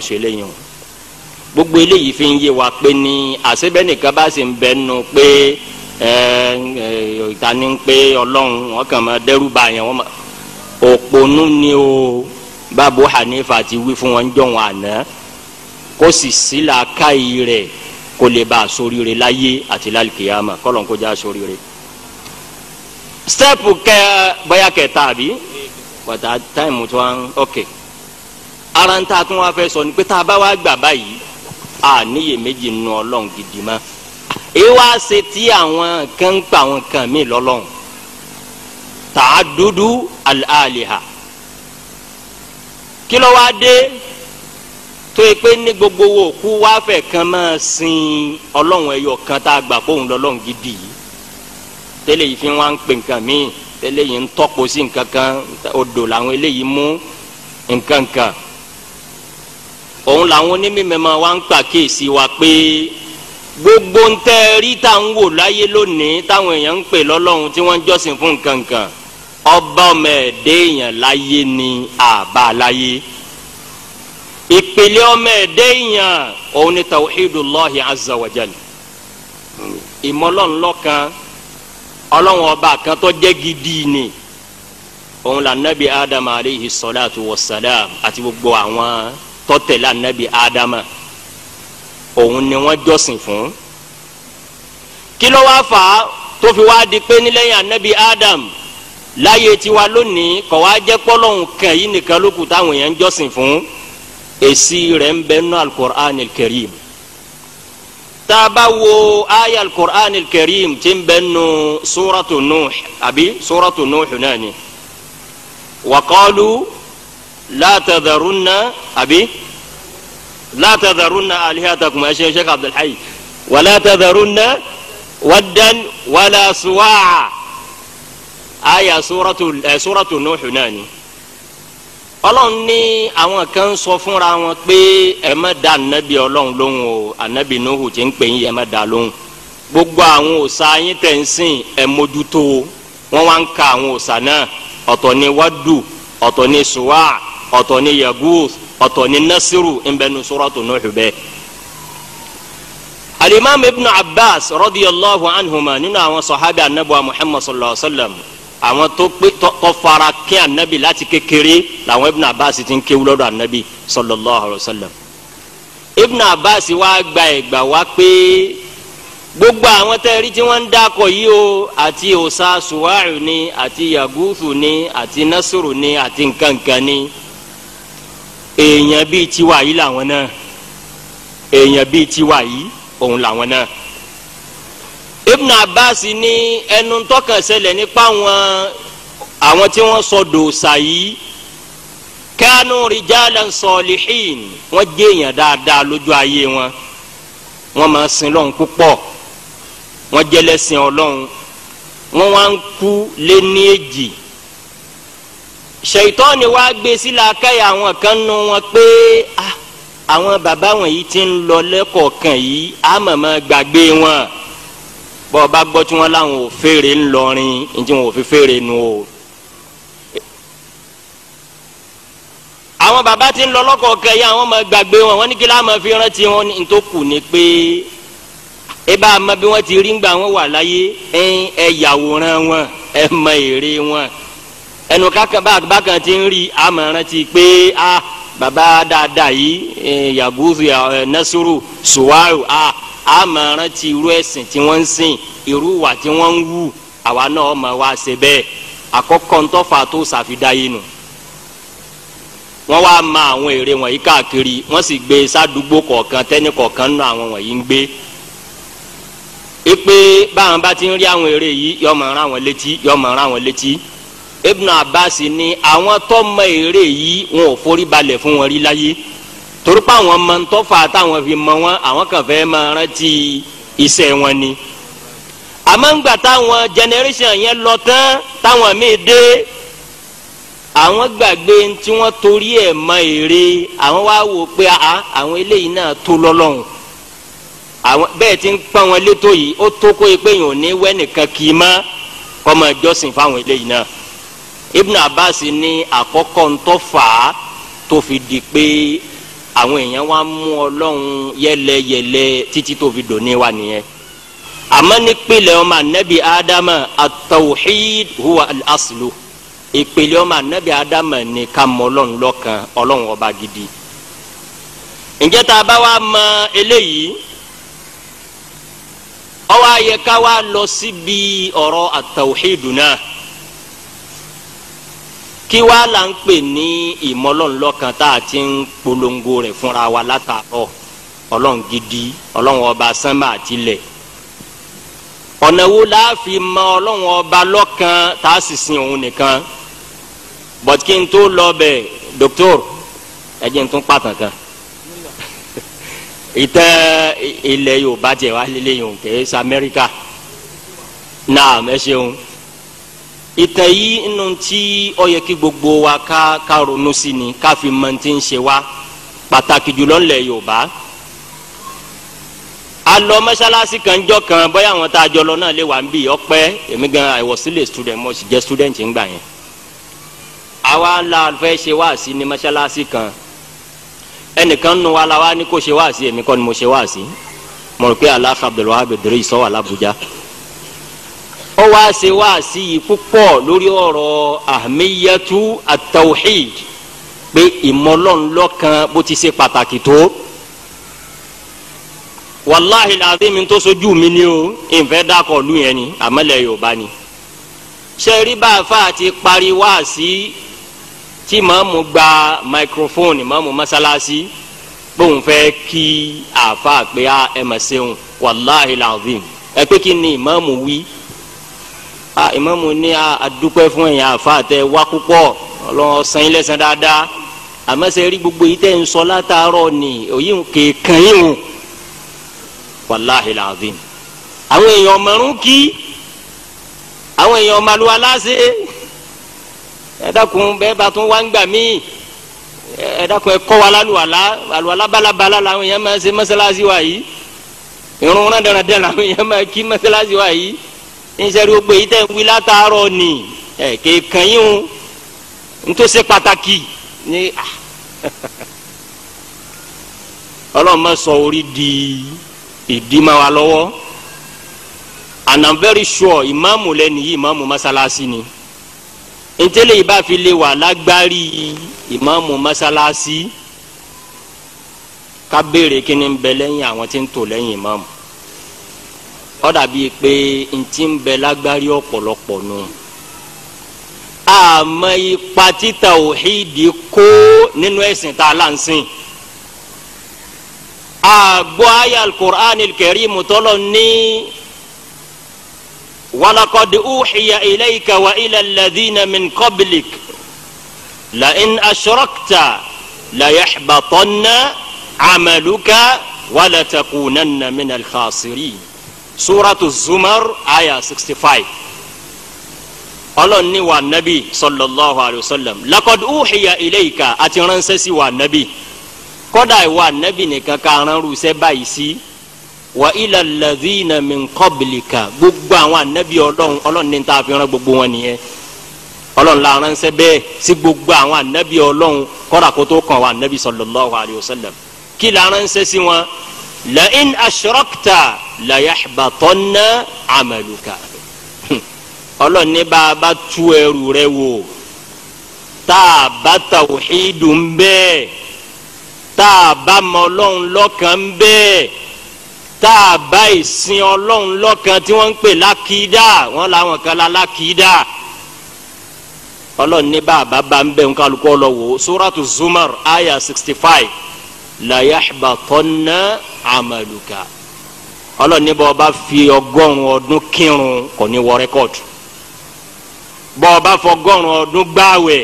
ṣe léyìn o gbogbo eléyìí fi ń yé wa pé ní àṣebẹ́nìkan bá sì ń bẹnu pé ìta ni ń pé ọlọ́run wọn kàn máa dẹ́rù bá yẹn wọn òpònú ni o báàbò Hanifa ti wí fún wọn jọ wọn àná kó sì sí làákàyè rẹ̀ kó lè bá a ṣoríire láyé àti lálùkìyàmà kọlọ̀ kó já ṣoríire. stẹ́ẹ̀pù kẹ bọ́yá kẹta àbí pàtàkì táìmù tí wọ́n ń ọ̀kẹ́. Okay ara ń ta tún wá fẹ́ sọ ni pé tá a bá wá gbà báyìí a níyè méjì nu ọlọ́run gidi mọ́ èyí wá ṣe tí àwọn kan ń pa àwọn kan mí lọ́lọ́run tààdúdú àlìhà kí ló wá dé tó yẹ pé ní gbogbo wo kú wá fẹ́ kan máa sin ọlọ́run ẹyọ kan tá a gbà kóhun lọ́lọ́run gidi yìí yìí fi wá ń pè nǹkan míì tẹ́lẹ̀ yìí ń tọ́pọ̀ sí nǹkan kan odò làwọn eléyìí mú nǹkan kan òun làwọn onímọ̀ wa ń pàkíyèsí wa pé gbogbo ń tẹ́ rí tá à ń wò láyé lónìí táwọn èèyàn ń pè lọ́lọ́run tí wọ́n ń jọ́sìn fún nǹkankan ọba ọmọ ẹ̀dẹ́ èèyàn láyé ni àbá láyé ìpìlẹ̀ ọmọ ẹ̀dẹ́ èèyàn òun ni tawhidullahi azza wa jal ìmọ̀lọ́nlọ́kan ọlọ́run ọba kan tó jẹ́ gidi ni òun là nabi adam aleyhi salatu wa salam àti gbogbo àwọn tọ́tẹ̀lé anabi adama òun ni wọ́n jọ́sìn fún kí ló wá fà á tó fi wá di pé nílẹ̀yìn anabi adam láyé tiwa lónìí kọ̀ wá jẹ́ pọ́lọ́hún kan yìí nìkan ló táwọn èèyàn ń jọ́sìn fún èsì rẹ̀ ń bẹ nú alukur'an kẹrìm tá wo aya alukur'an kẹrìm tí ń bẹ nú suratu nuh àbí suratu nuh náà ni látàdàrúnà àbí látàdàrúnà alihatakum ẹ̀ṣẹ̀ sheikh abdulhayi wàlátàdàrúnà wàdán wàlásùwàá àyà sóràtù nùhù náà ni ọlọ́run ní àwọn kan sọ fúnra wọn pé ẹ má da ànábì ọlọ́run lóhùn o ànábì nuhu ti ń pè yín ẹ má da lóhùn gbogbo àwọn òòṣà yín tẹ̀ ń sìn ẹ mójútó wọn wá ń ka àwọn òòṣà náà ọ̀tọ̀ ni wádù ọ̀tọ̀ ni sùwà ọ̀tọ̀ ni yaguth ọ̀tọ̀ ni nasiru nbẹnu suratu nuhu bẹ. alimami ibn abbas radiyallahu anhuma nínú àwọn sọ̀hábì anabuwa muhammad sallallahu alayhi wa sallam àwọn tó pé tó fara kí anabi láti kékeré làwọn ibn abbas ti ń kéwú lọ́dọ̀ anabi sallallahu alayhi wa sallam ibn abbas wa gba ẹgbà wa pé gbogbo àwọn tẹ́rí tí wọ́n ń dákọ̀ yìí o àti òsa suwaru ni àti yagusu ni àti nasiru ni àti nkankan ni èèyàn bíi tiwa yìí làwọn náà èèyàn bíi tiwa yìí òun làwọn náà Ibn Abbas ní ẹnu tọkàn ṣẹlẹ̀ nípa àwọn àwọn tí wọ́n sọ dòòsà yìí kánú rìjálẹ̀ sọ̀lìhìn wọ́n jẹ́ èèyàn dáadáa lójú ayé wọn wọ́n máa sin lọ́hùn púpọ̀ wọ́n jẹ́lẹ́sìn ọlọ́hun wọ́n wá ń kú lé ní èjì ṣèitọ́ni wá gbé sí làákàyè àwọn kan nu wọn pé àwọn bàbá wọn yìí ti ń lọ lẹ́kọ̀ọ̀kan yìí á mọ̀mọ́ gbàgbé wọn bọ́ ọ bá gbọ́ tí wọ́n láwọn ò fèrè ńlọrin ní tí wọn ò fi fèrè nu o. àwọn bàbá ti ń lọ lọ́kọ̀ọ̀kan yìí àwọn ọmọ gbàgbé wọn wọn ní kí láwọn fi rántí wọn ní tó kù ni pé ẹ bá a mọ bí wọ́n ti rí ń gbà wọ́n wà láyé ẹ yàwòrán wọn ẹ mọ èrè wọn ẹnu kankan bákan ti ń rí amọ̀ràn ti pé a baba dáadáa yìí yaguzu nasuru suwaru a amọ̀ràn ti irú ẹ̀sìn tí wọ́n ń sìn irú wà tí wọ́n ń wù àwa náà mọ̀ wá ṣe bẹ́ẹ̀ àkọ́kọ́ ntọ́fà tó ṣàfidáyé nù wọ́n wá ma àwọn èrè wọ̀nyí káàkiri wọ́n sì gbé sádùúgbò kọ̀ọ̀kan tẹ́ni kọ̀ọ̀kan nù àwọn wọ̀nyí ń gbé ipe báwọn bá ti ń rí àwọn èrè yìí yọmọ àwọn létí yọmọ àwọn létí Ibn Abbas ni àwọn tó mọ èrè yìí wọn ò forí balẹ̀ fún wọn rí láyé torí pé àwọn mọ ntọ́fà táwọn fi mọ wọn àwọn kan fẹ́ máa rántí iṣẹ́ wọn ni àmọ́ ńgbà táwọn generation yẹn lọ tán táwọn míì dé àwọn gbàgbé tí wọ́n torí ẹ̀ mọ èrè àwọn wá wò pé àwọn eléyìí náà tó lọ́lọ́run àwọn bẹ́ẹ̀ ti ń pọ́n wọn létò yìí ó tó kó e pé yìí ní wẹ́nìkan kì í mọ́ kọ́mọ ìjọsìn fáwọn eléyìí náà. Ibn Abbas ní àkọ́kọ́ ntọ́fà tó fi di pé àwọn èèyàn wa mú ọlọ́run yẹlẹyẹlẹ títí tó fi dòní wa nìyẹn àmọ́ nípìnlẹ̀ ọmọ anabi adama at huwa al-aslu ìpìlẹ̀ ọmọ anabi adama ní ká mọ ọlọ́run lọ́kan ọlọ́run ọba gidi ǹjẹ́ tá a bá wa mọ eléyìí ó wá yẹ lọ síbi ọ̀rọ̀ at náà kí wàá là ń pè ní ìmọ̀lọ́nlọ́kan tá a ti ń polongo rẹ̀ fúnra wa látàárọ̀ ọlọ́run gidi ọlọ́run ọba sánmà àtilẹ̀ ọ̀nà wo la fi mọ ọlọ́run ọba lọ́kan tá a sì sin òun nìkan but kí n tó lọ bẹ̀ doctor ẹ jẹ́ n tún pàtàn kan ìtẹ́ ilẹ̀ yorùbá tiẹ̀ wá lélẹ́yìn òun kẹ́ ẹ́ sẹ́ amẹ́ríkà náà mẹ́ ṣeun ìtẹ̀ yìí nínú tí ó yẹ kí gbogbo wa ká ká ronú sí ni ká fi mọ̀ tí ń ṣe wa pàtàkì jùlọ ńlẹ̀ Yorùbá a lọ kan jọ kan bóyá àwọn tá a jọ lọ náà lè wà ń bì ọpẹ́ èmi gan I student mo sì jẹ́ student ńgbà yẹn àwa la fẹ́ ṣe wáàsí ní mọ́ṣáláṣí kan ẹnìkan nu wa la wa ni kò ṣe wáàsí èmi kọ́ ni mo ṣe wáàsí mo rò pé aláfa Abdulwahab Idris sọ wà lábújá ó wá ṣe wáàsí yìí púpọ̀ lórí ọ̀rọ̀ ahmiyatu atawhid pé ìmọ̀lọ́nlọ́kan bó ti ṣe pàtàkì tó wàláhi làbí mi tó sojú mi ni o ìfẹ́ dákọ̀ lu yẹn ni àmọ́lẹ̀ yorùbá ni. sẹ́rí bá a fa ti parí wá sí tí màmú gba microphone màmú masalasi bóun fẹ́ kí àfa pé a ẹ̀ mọ̀ ṣeun wàláhi làbí ẹ pé kí ni màmú wí Ah, a ìmáàmù ní àdúpẹ́ fún ẹ̀yin àfa àtẹ wá púpọ̀ ọlọ́run san yín lẹ́san dáadáa àmọ́ ṣe rí gbogbo yìí tẹ́ ń sọ látàárọ̀ ni òyìn kéèkàn yìí hùn wàláhì làbín àwọn èèyàn mọ̀rún kí àwọn èèyàn màlúwa láṣẹ ẹ dákun bá tún wá ń gbà míì ẹ dákun wa lálùwàlá àlùwàlá bálabàlá làwọn èèyàn máa ṣe mọ́ṣáláṣí wa yìí ìrún rẹ̀ dẹ̀rẹ̀dẹ̀rẹ̀ làwọn èèyàn máa kí mọ́ṣáláṣí wa yìí níṣẹ́rí gbogbo èyí tẹ̀ ń wí látàárọ̀ ni ẹ̀ kéèkàn yín o ń tó ṣe pàtàkì ní ọlọ́run má sọ orí di ìdí ma wà lọ́wọ́ and i'm very sure ìmáàmù lẹ́nu yìí ìmáàmù mọ́sálásí ni ntẹ́lẹ̀ yìí bá fi lè wà lágbárí ìmáàmù mọ́sálásí ká béèrè kí ni ń àwọn tí ń tò lẹ́yìn ìmáàmù ó dàbí pé ntí ń bẹ lágbárí ọ̀pọ̀lọpọ̀ nù àmọ́ ipa tí tawhidi kó nínú ẹ̀sìn tá a là ń sìn àgbọ̀ ayé al-Qur'an al-Karim tọ́lọ̀ ní. ولقد أوحي إليك وإلى الذين من قبلك لئن أشركت ليحبطن عملك ولتكونن من الخاسرين suratu zumar aya sixty five ọlọ́ni wa nabi sallallahu alayhi wa sallam lakod uhiya ilayka àti ránṣẹ́ sí wa nabi kódà wa nabi nìkan ká ránṣẹ́ báyìí sí wa ila ladhina min qablika gbogbo àwọn anabi ọlọ́run ọlọ́run ní ta fi rán gbogbo wọn nìyẹn ọlọ́run la ránṣẹ́ bẹ́ẹ̀ sí gbogbo àwọn anabi ọlọ́run kódà kó tó wa nabi sallallahu alayhi wa sallam kí la ránṣẹ́ sí wọn la in ashrakta layaxbatɔnna amaluka ọlọ́ni bá a bá tú ẹrù rẹ wò tá a bá tawhidu ń bẹ́ẹ̀ tá a bá mọ ọlọ́run lọ́kàn ń bẹ́ẹ̀ tá a bá ìsìn ọlọ́run lọ́kàn tí wọ́n ń pè lákìdá wọ́n làwọn kan la lákìdá ọlọ́ni bá a bá bá ń ń kálukú ọlọ́wọ́ suratu zumar aya sixty five layaxbatɔnna amaluka ọlọ́run ní bọ́ọ̀ bá fi ọgọ́rùn ọdún kírun kò ní wọ rẹ́kọ̀dù bọ́ọ̀ bá fọgọ́rùn ọdún gbáwẹ̀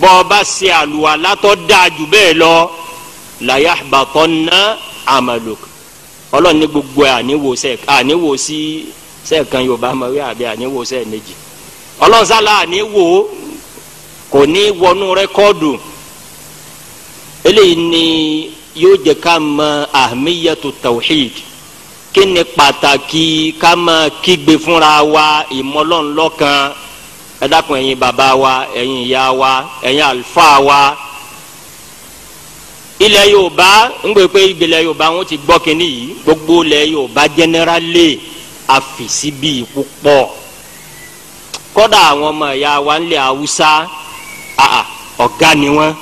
bọ́ọ̀ bá ṣe àlùwàlá tó dáa jù bẹ́ẹ̀ lọ la yahbatanna amaluk ọlọ́run ní gbogbo àníwò sí sẹ́ẹ̀kan yorùbá máa àbí àníwò méjì ọlọ́run àníwò kò ní wọnú rẹ́kọ̀dù eléyìí ni yóò jẹ ká mọ ahmiyatu tawhid kí ni pàtàkì ká máa kígbe fúnra wa ìmọ̀lọ́nlọ́kan ẹ dákun ẹ̀yin bàbá wa ẹ̀yin ìyá wa ẹ̀yin àlùfáà wa ilẹ̀ yorùbá ń gbé pé ìgbìlẹ̀ yorùbá wọn ti gbọ́ kínní yìí gbogbo ilẹ̀ yorùbá jẹ́nẹ́rálì àfìsí bíi púpọ̀ kọ́dà àwọn ọmọ ìyá wa ńlẹ̀ haúsá ọ̀gá ni wọ́n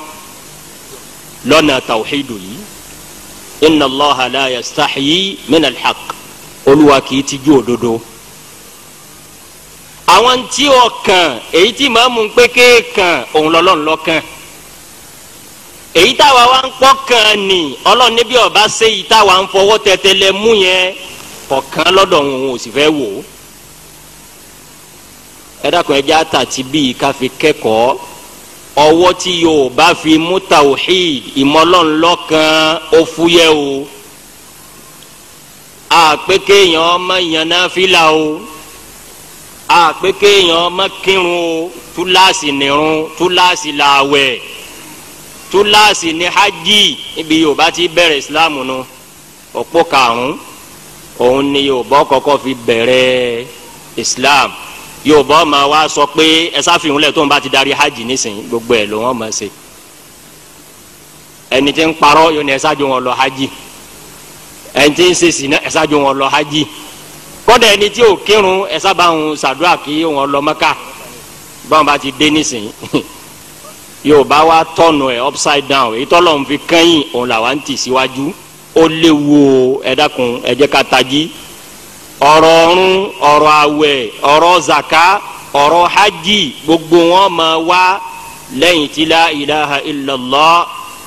lọ́nà tàwíìdù yìí inna allaha la yastahi min alhaq olúwa kì í tijú òdodo àwọn tí ọkàn èyí tí màmú ń pé kéèkàn òun lọ́lọ́run lọ́kàn èyí táwa wá ń pọ́kàn ni ọlọ́run níbi ọba ṣe èyí táwa ń fọwọ́ tẹ̀tẹ̀lẹ̀ mú yẹn kọ̀ọ̀kan lọ́dọ̀ òun ò sì fẹ́ wò ẹ dákun ẹ jẹ́ àtàtì bíi ká kẹ́kọ̀ọ́. ọwọ́ tí yóò bá fi mú tawhid ìmọ̀lọ́nlọ́kan ó fúyẹ́ o àpèké èèyàn ọmọ yànnà fìlà o àpèké èèyàn ọmọ kírun o túláàsì nírun túláàsì làwẹ̀ túláàsì ní hajj níbi yorùbá ti bẹ̀rẹ̀ islam nu òpó karùn-ún òun ni yorùbá kọ́kọ́ fi bẹ̀rẹ̀ islam yorùbá ọmọ wa sọ pé ẹ sáfihàn lẹ tó ń bá ti darí hajj nísìnyí gbogbo ẹ ló wọn mọ ṣe ẹni tí ń parọ́ yóò ní ẹ ṣáájú wọn lọ hajj ẹni tí ń ṣe sìnà ẹ ṣáájú wọn lọ hajj kọ́dà ẹni tí ò kírun ẹ sábà ń kí wọn lọ Mẹ́kà báwọn bá ti dé nísìnyí yorùbá wa tọ̀nù ẹ̀ upside down èyí tọ́lọ̀ ń fi kẹ́yìn òun làwa ń tì síwájú ó léwu ẹ̀dákun ẹ̀jẹ̀ ká tají ọ̀rọ̀ ọ̀run ọ̀rọ̀ àwẹ̀ ọ̀rọ̀ zaka ọ̀rọ̀ hajj gbogbo wọn ma wá lẹ́yìn tí la ilaha illallah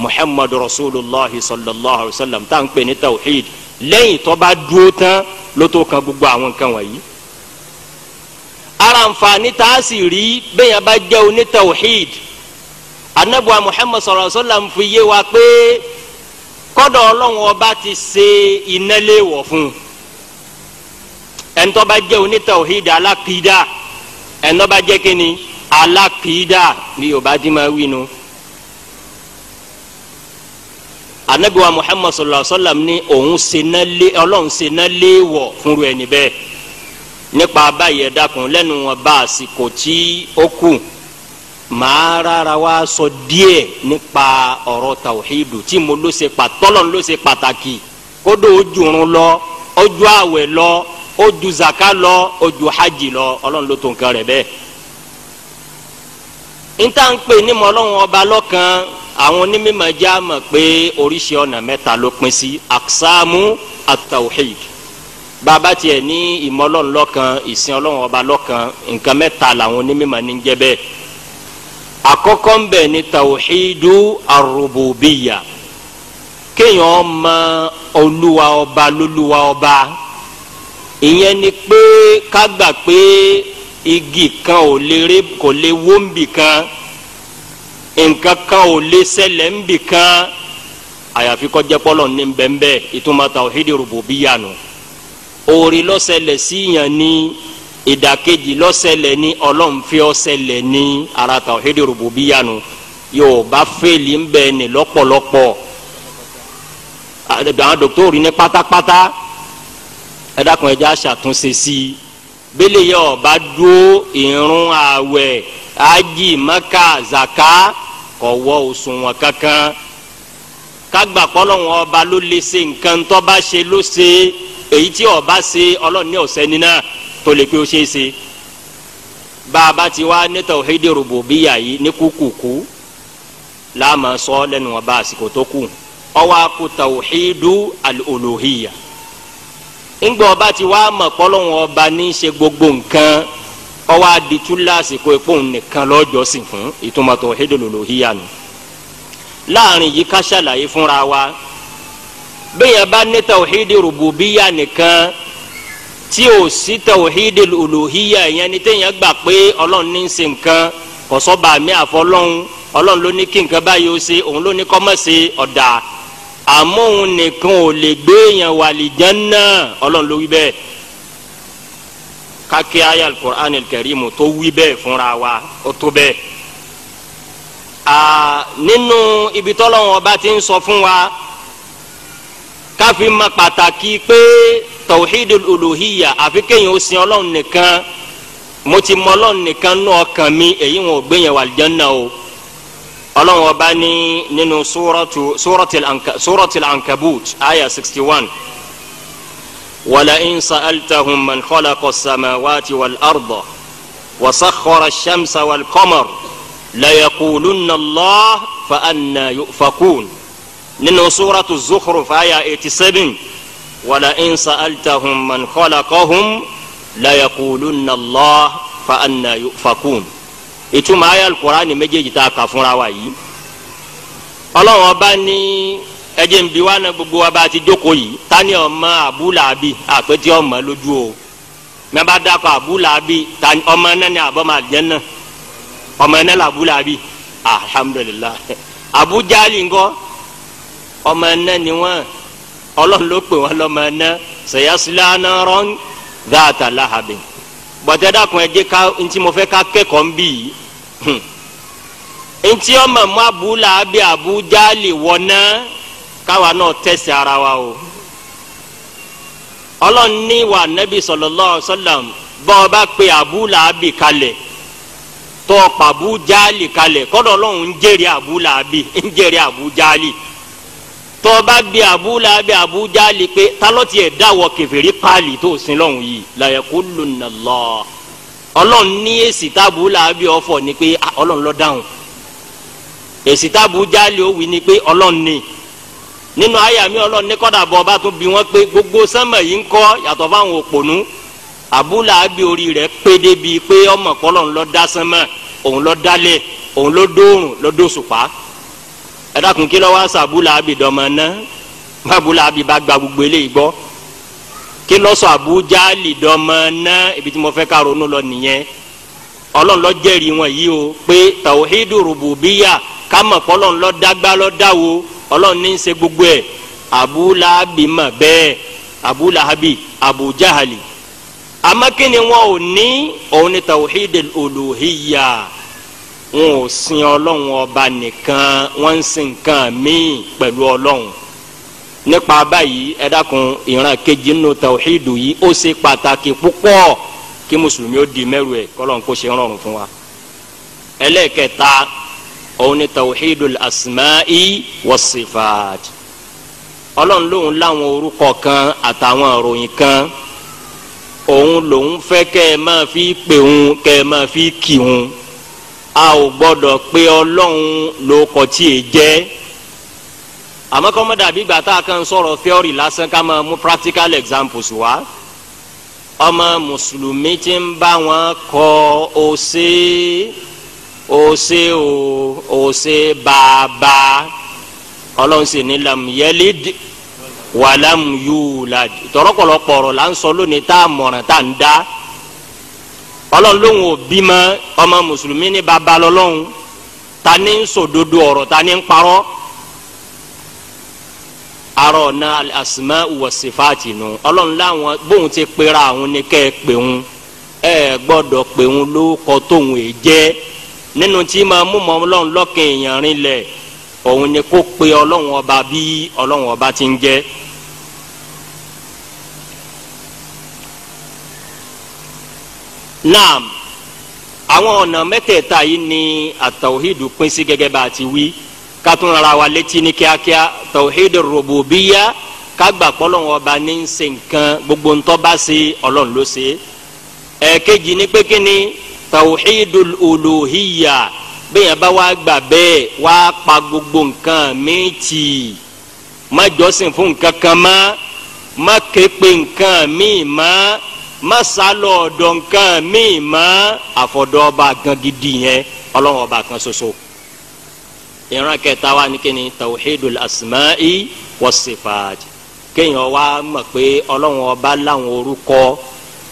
muhammadu rasulillah sallallahu alayhi wa sallam tá à ń pè ní tawhid lẹ́yìn tó bá dúró tán ló tó kan gbogbo àwọn nǹkan wọ̀nyí. ara nfààní tá a sì rí bẹ́yàn bá jẹ́ oní tawhid anabuwa muhammad sallallahu alayhi wa sallam fi yé wa pé kọ́dọ̀ ọlọ́run ọba ti ṣe iná léèwọ̀ fún un ẹnitọ́ bá jẹ́ onítàwhídì alákìídà ẹnitọ́ bá jẹ́ alakida ni yorùbá ti máa wí anabiwa muhammad sallallahu alaihi wa sallam ni òun sena lé ọlọ́run sena léèwọ̀ fúnru ẹni bẹ́ẹ̀ nípa báyìí ẹ̀dá kan lẹ́nu wọn bá àsìkò tí ó kù màá rárá wa sọ díẹ̀ nípa ọ̀rọ̀ tàwhídù tí mo ló ṣe pàtọ́lọ́n ló ṣe pàtàkì kódò ó jùrún lọ ọjọ́ àwẹ̀ lọ O ju zaka lọ ó ju hajj lọ ọlọ́run ló tó nǹkan rẹ̀ bẹ́ẹ̀ níta ń pè ní mọ́lọ́run ọba lọ́kan àwọn onímọ̀já mọ̀ pé oríṣi ọ̀nà mẹ́ta ló pín sí aksamu atawhid bàbá tiẹ̀ ní ìmọ̀ ọlọ́run lọ́kan ìsìn ọlọ́run ọba lọ́kan nǹkan mẹ́ta làwọn onímọ̀ ní jẹ́ bẹ́ẹ̀ àkọ́kọ́ ń bẹ ní tawhidu arububiya kéèyàn mọ̀ olúwa ọba lólúwa ọba. ìyẹn ni pé ká pé igi kan ò lè kò lè wó nbì kan nǹkan kan lè nbì kan àyàfi kó jẹ́ pé Ọlọ́run ní bẹ́ẹ̀nbẹ́ẹ́ ìtumọ̀ tawhidi rububiyya ni ìdàkejì ló ni Ọlọ́run ni ara tawhidi rububiyya yóò bá fèlì ń ẹ dákun ẹjẹ aṣàtúnṣe sí i bẹ́lẹ̀ yẹ ọba dúró ìrun ààwẹ̀ ájì mẹ́kà zaka kọ̀ wọ òṣùwọ̀n kankan kágbà pọ́lọ́wọ́n ọba ló lè ṣe nǹkan tó bá ṣe ló ṣe èyí tí ọba ṣe ọlọ́ọ̀ni ọ̀sẹ́ nínà tó lè pé ó ṣeé ṣe bá a bá ti wá ní tawhidi rububiya yìí ní kúkúkú láàmú sọ lẹ́nu ọba àsìkò tó kù ọwọ́ akú tawhidu al ńgbà ọba ti wá mọ̀ pọ́lọ́hún ọba ní í gbogbo nǹkan ọwọ́ aditú lásìkò epo nìkan lọ́jọ́ fún ìtumọ̀ tauhidul uluhiyya láàrin yìí ká fúnra wa bẹ́ẹ̀ bá ní tauhidi rububiyya nìkan tí ò sí tauhidul uluhiyya yẹn ni téèyàn gbà pé ọlọ́run ní í ṣe nǹkan kọ̀sọ́ba mi àfọlọ́hún ọlọ́run ló ní kí nǹkan báyìí ó ṣe òun ló ní kọ́mọ̀ ṣe ọ̀dà àmọ́ òun nìkan ò lè gbé èèyàn wà lìjánná ọlọ́run ló wí bẹ́ẹ̀ kákẹ́ ayé alukur'an kẹrìmù tó wí bẹ́ẹ̀ fúnra wa ó tó bẹ́ẹ̀. nínú ibi tọ́lọ́wọ́n ọba ti ń sọ fún wa káfí ma pàtàkì pé tawhidul uluhiyya àfi kéèyàn ó sin ọlọ́run nìkan mo ti mọ ọlọ́run nìkan nú ọkàn mi èyí wọn ò gbé yẹn wà lìjánná o. ọlọ́run ọba ní nínú suratul ankabut aya sixty one wàlà insa altahun man khalaqa samawati wal arda wasakhara shamsa wal qamar layakulunna allah fa anna yufakun nínú suratul zukhruf aya eighty seven wàlà insa altahun man khalaqahum layakulunna allah fa anna yufakun. ìtumọ̀ ayé alukurani méjèèjì tá a kà fúnra wa yìí ọlọ́run ọba ní ẹjẹ̀ ń bi wá ná gbogbo wa bá a ti jókòó yìí tani ọmọ abúlàbí àpètí ọmọ lójú o mẹ bá dákọ abúlàbí tani ọmọ náà ni àbọ̀mọ àjẹ náà ọmọ náà la abúlàbí alhamdulilayi abujali ńkọ́ ọmọ náà wọn ọlọ́run ló pè wọn lọ́mọ náà sẹ̀yà sílẹ̀ anáwó bọ̀tẹ́ dàkún ẹ̀jẹ̀ ká ntí mo fẹ́ ká kẹ́kọ̀ọ́ ń bì yìí ntí ọmọ mọ abúlé abẹ́ abújá lè wọná káwa náà tẹ̀sí ara wa o ọlọ́run wa nẹ́bí sallallahu alaihi wasallam bọ́ ọ bá pe abúlé abẹ́ kalẹ̀ tọ́ pàbú jáàlì kalẹ̀ kọ́dọ̀ ọlọ́run ń jèrè abúlé abẹ́ ń jèrè abújáàlì tọba bi abu la bi abu jaali pé talọti yẹ dawọ kèfèrí paali tó sin lọ́hùn yìí làyẹkó lónàlọ Ọlọ́run ní èsì tábù la bi ọfọ ni pé ah, Ọlọ́run ló dáhùn èsì tábù jaali ó wí ni pé Ọlọ́run ní nínú àyà mi Ọlọ́run ní kódà bọ ọba tún bi wọn pé gbogbo sánmà yìí ń kọ yàtọ̀ fáwọn òpònú abu la bi orí rẹ̀ pé débi pé ọmọ kọlọrun ló dá sánmà òun ló dálẹ̀ òun ló dóorùn ló dóṣùpá ẹ dákun kí lọ́wọ́ sàbúlà abìdọ́mọ náà bàbúlà abì bá gba gbogbo eléyìí gbọ́ kí lọ́sọ̀ àbújá lìdọ́mọ náà ibi tí mo fẹ́ ká ronú lọ nìyẹn ọlọ́run jẹ́rìí wọn yìí o pé tawhidu rububiyya kámọ̀ kọ́lọ́run ló dágbá ló dáwo ọlọ́run ní í ṣe gbogbo ẹ̀ abúláàbí mọ̀ bẹ́ẹ̀ abúláàbí abujahali amákíni wọn ò ní òun ni tawhidul uluhiyya wọn ò sin ọlọ́run ọba nìkan wọ́n ń sin nǹkan míì pẹ̀lú ọlọ́run nípa báyìí ẹ dákun ìran kejì nínú tàwíìdù yìí ó ṣe pàtàkì púpọ̀ kí mùsùlùmí ó di mẹ́rù ẹ̀ kọ́lọ́n kó ṣe ń rọrùn fún wa ẹlẹ́ẹ̀kẹta òun ni tàwíìdù asma'i was-sifat ọlọ́run lòun láwọn orúkọ kan àtàwọn òròyìn kan òun lòun fẹ́ kẹ́ ẹ máa fi pè òun kẹ́ ẹ máa fi kì òun a ò gbọ́dọ̀ pé ọlọ́run ló kọ tí ì jẹ́ àmọ́ kọ́ mọ́dà bí gbàtà kan sọ̀rọ̀ theory lásán ká máa mú practical examples wá ọmọ mùsùlùmí ti ń bá wọn kọ ọ̀sẹ̀ ọ̀sẹ̀ ọ̀sẹ̀ bàbá ọlọ́run sì ní lam yẹlid wàlámù yúlad là ń sọ lónìí tá a mọ̀ràn tá a ń dá ọlọ́run lóhùn ò bímọ ọmọ mùsùlùmí ní bàbá lọ́lọ́hùn ta ni ń sòdodo ọ̀rọ̀ ta ni ń parọ́ arọ na asima wọsifaati nu ọlọ́run láwọn bóun ti pera àwọn ni kẹ́ ẹ pè ń ẹ gbọ́dọ̀ pè ń ló kọ tóun è jẹ́ nínú tí ma mú mọ ọlọ́run lọ́kàn èèyàn òun ni kó pe ọlọ́run ọba bí ọlọ́run ọba ti ń jẹ́. naam àwọn ọ̀nà mẹ́tẹ̀ẹ̀ta yìí ni àtàwíìdù pín sí gẹ́gẹ́ bá a ti wí ká tún ara wa létí ní kíákíá tàwíìdù rògbòbíyá ká gbà pọ́lọ́wọ́n ọba ní ṣe nǹkan gbogbo ń tó bá ọlọ́run ló ṣe é ẹ̀ẹ́kejì ni pé kíni tàwíìdù olóhìyà bẹ́ẹ̀ bá wá gbà bẹ́ẹ̀ wá pa gbogbo nǹkan míì tì má jọ́sìn fún nǹkan kan mọ́ má ké pe nǹkan míì mọ́ masalọ dọnkan míì má àfọdọba gan gidi yẹn ọlọ́run ọba kan ṣoṣo ìran kẹta wa ni kíni tawhidul asma'i wasifat kéèyàn wá mọ̀ pé ọlọ́run ọba láwọn orúkọ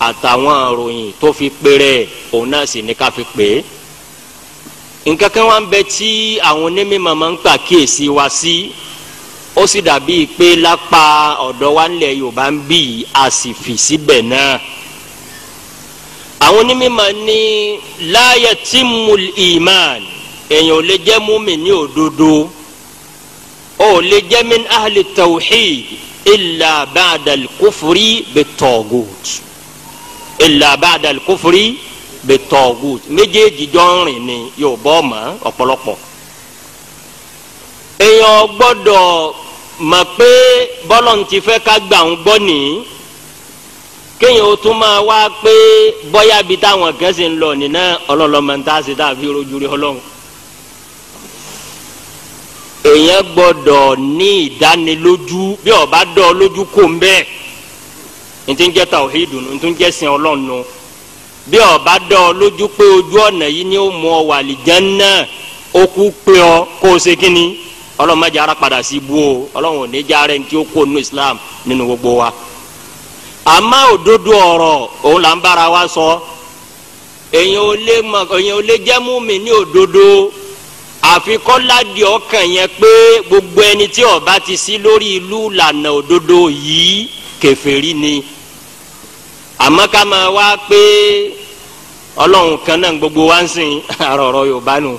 àtàwọn ìròyìn tó fi péré òun náà sì ní ká fi pè é nǹkan kan wá ń bẹ tí àwọn onímọ̀ máa ń pàkíyèsí wa sí ó sì dàbí pé lápá ọ̀dọ̀ wa ńlẹ̀ yorùbá ń bì í a sì fì síbẹ̀ náà àwọn onímọ̀ ní láyé tí mul iman èèyàn ò lè jẹ́ múmi ní òdodo ó lè jẹ́ min ahli tawhid illa ba'dal kufri bitagut illa ba'dal kufri bitagut méjèèjì jọ ń rìn ni yóò bọ́ ọmọ ọ̀pọ̀lọpọ̀ èèyàn gbọ́dọ̀ mọ̀ pé bọ́lọ̀ ká gbà ń gbọ́ nìyí kéèyàn ó tún máa wá pé bọ́yá bíi táwọn kan ṣe ń lọ nínú ọlọ́lọ́mọta ṣe tá a fi rojú rí ọlọ́run. èèyàn gbọ́dọ̀ ní ìdánilójú bí ọba dọ̀ lójú kò ń bẹ́ẹ̀ ní ti ń jẹ́ tàwíìdù ní ti ń jẹ́ sin ọlọ́run nù bí ọba dọ̀ lójú pé ojú ọ̀nà yìí ni ó mú ọ wà lìjẹ́ náà ó kú pé ọ kó o ṣe kí ni ọlọ́run má jẹ́ ara padà sí ibú o ọlọ́run ò ní Islam nínú gbogbo wa àmọ́ òdodo ọ̀rọ̀ òun là ń bára wa sọ èyàn ò lè mọ èyàn ò lè jẹ́ mú mi ní òdodo àfikọ́ ládìí ọkàn yẹn pé gbogbo ẹni tí ọba ti sí lórí ìlú lànà òdodo yìí kèfèrí ni àmọ́ ká máa wá pé ọlọ́run kan náà gbogbo wa ń sìn àròrò yorùbá nù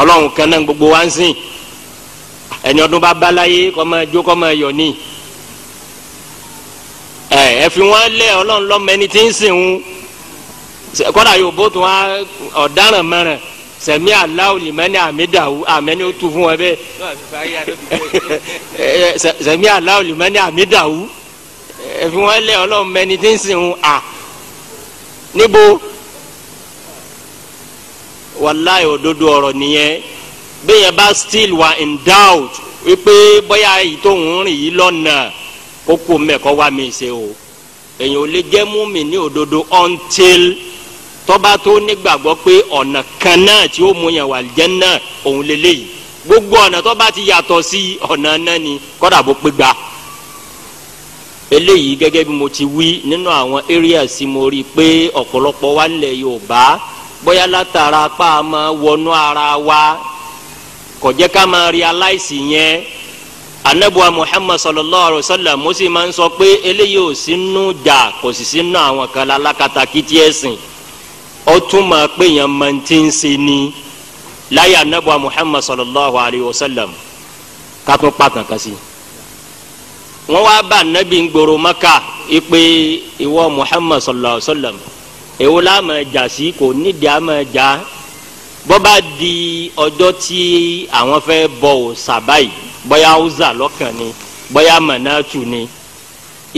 ọlọ́run kan náà gbogbo wa ń sìn ẹni ọdún bá bá láyé kọ́ máa jó kọ́ máa yọ̀ níì ẹ fi wọn lẹ ọlọ́run lọ́mọ ẹni tí ń sìn ń kọ́dà yòòbó tó wá ọ̀daràn mẹ́rin sẹ̀mí aláwọ̀ lìmẹ́ni àmídàwù àmẹ́ni ó tu fún wọn bẹ́ẹ̀ sẹ̀mí aláwọ̀ lìmẹ́ni àmídàwù ẹ fi wọn lẹ ọlọ́run mẹ́ni tí ń sìn ń à níbo wàláyé òdodo ọ̀rọ̀ nìyẹn bẹ́ẹ̀ yẹn bá still wà in doubt wípé bóyá èyí tó ń rìn yìí lọ́nà kókó mẹ́kọ́ wá mi ṣe o èyàn ò lè jẹ́ múmi ní òdodo until tọ́ba tó nígbàgbọ́ pé ọ̀nà kan náà tí ó mú yàn wà jẹ́ náà òun lélẹ́yìí gbogbo ọ̀nà tọ́ba ti yàtọ̀ sí ọ̀nà náà ni kọ́dà bó pé gbà eléyìí gẹ́gẹ́ bí mo ti wí nínú àwọn areas tí mo rí i pé ọ̀pọ̀lọpọ̀ wa nílẹ̀ Yorùbá bóyá látara apá máa wọnú ara wa kò jẹ́ ká máa realize yẹn anabuwa muhammad sallallahu alayhi wa sallam mo sì máa ń sọ pé eléyìí ò sí nù jà kò sì sí nù àwọn kan lálákàtà kìtì ẹ̀sìn ó tún máa pé yẹn máa ń ti ń ṣe ni láyé anabuwa muhammad sallallahu alayhi wa sallam ká tún pàtàn kan sí. wọ́n wá bá anabi gbòòrò maka ipe ìwọ muhammad sallallahu alayhi wa sallam èwo la máa jà sí kò nídìí a máa jà bọ́ di ọjọ́ tí àwọn fẹ́ bọ̀ ọ́ sàbáyìí bóyá ọ̀zà lọ́kàn ni bóyá mọ̀nàtù ni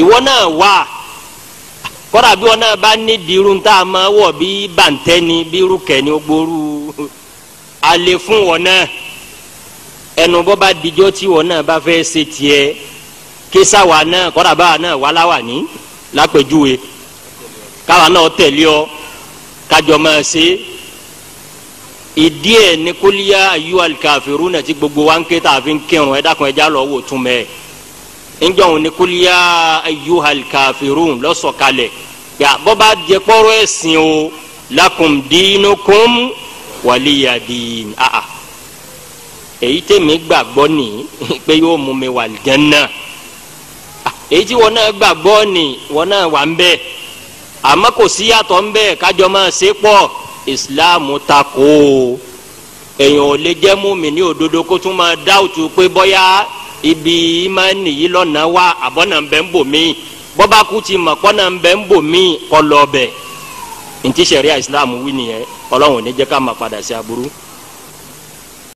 ìwọ náà wà kọ́dà bí wọn náà bá ní dirú tá a máa wọ̀ bí bàǹtẹ́ ni bí rúkẹ̀ ni ó gbóòrú alẹ́ fún wọn náà ẹnu bọ́ bá dijọ́ tí wọn náà bá fẹ́ ṣe tiẹ̀ kísà wa náà kọ́dà bá wa náà wà láwà ní lápẹ̀júwe káwa náà tẹ̀lé ọ kájọ máa ṣe é ìdí ẹ̀ ní kólíyà ayú alikafiru náà ti gbogbo wa ń ké tá a fi ń kírun ẹ dákun ẹ já lọ wò tún mẹ ńjọ òun ní kólíyà ayú alikafiru lọ́sọ̀kalẹ̀ yà bọ́ bá jẹ kpọ́rọ́ ẹ̀sìn o lakum dinukum waliyadin aa èyí tèmi gbàgbọ́ ni pé yóò mú mi wà lìjánná èyí tí wọn náà gbàgbọ́ ni wọn náà wà ń bẹ àmọ́ kò síyàtọ̀ ń bẹ kájọ máa ṣe pọ̀. ìsìláàmù tako ó èèyàn ò lè jẹ́ mùmí ní òdodo kó tún máa dáwùtú pé bọ́yá ibi ìmánì yìí lọ́nà wa àbọ̀nà ń ń bò mí bọ́bá kú ti mọ̀ pọ́nà wini bẹ ń bò mí kọ́ bẹ̀